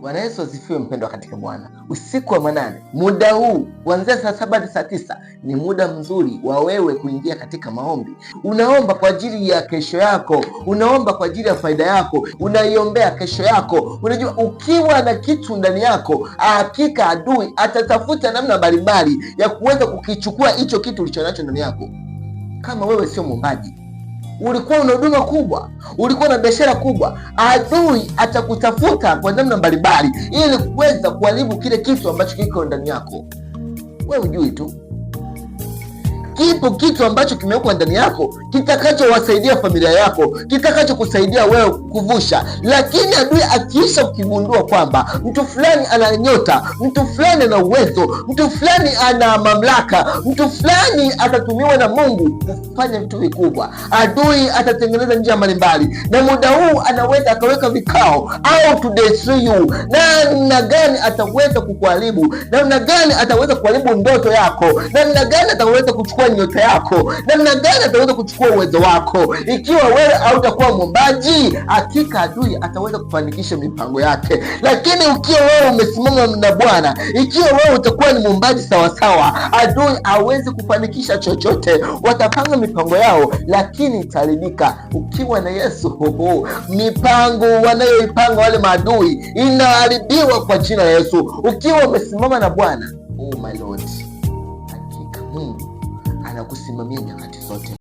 Bwana Yesu asifiwe, mpendwa katika Bwana. Usiku wa manane, muda huu kuanzia saa saba hadi saa tisa ni muda mzuri wa wewe kuingia katika maombi. Unaomba kwa ajili ya kesho yako, unaomba kwa ajili ya faida yako, unaiombea kesho yako. Unajua, ukiwa na kitu ndani yako, hakika adui atatafuta namna mbalimbali ya kuweza kukichukua hicho kitu ulichonacho ndani yako. Kama wewe sio mwombaji ulikuwa una huduma kubwa, ulikuwa na biashara kubwa, adui atakutafuta kwa namna mbalimbali ili kuweza kuharibu kile kitu ambacho kiko ndani yako, Wewe ujui tu kipo kitu ambacho kimewekwa ndani yako kitakachowasaidia familia yako, kitakachokusaidia wewe kuvusha. Lakini adui akiisha kukigundua kwamba mtu fulani ana nyota, mtu fulani ana uwezo, mtu fulani ana mamlaka, mtu fulani atatumiwa na Mungu kufanya vitu vikubwa, adui atatengeneza njia mbalimbali, na muda huu anaweza akaweka vikao au to destroy you. Namna gani ataweza kukuharibu? Namna gani ataweza kuharibu ndoto yako? Namna gani ataweza kuchukua kuchukua nyota yako, namna gani ataweza kuchukua uwezo wako. Ikiwa wewe hautakuwa mwombaji, hakika adui ataweza kufanikisha mipango yake. Lakini ukiwa wewe umesimama na Bwana, ikiwa wewe utakuwa ni mwombaji sawasawa, adui hawezi kufanikisha chochote. Watapanga mipango yao, lakini itaharibika. Ukiwa na Yesu, hoho, mipango wanayoipanga wale maadui inaharibiwa kwa jina la Yesu, ukiwa umesimama na Bwana. Oh my Lord, hakika Mungu anakusimamia nyakati zote.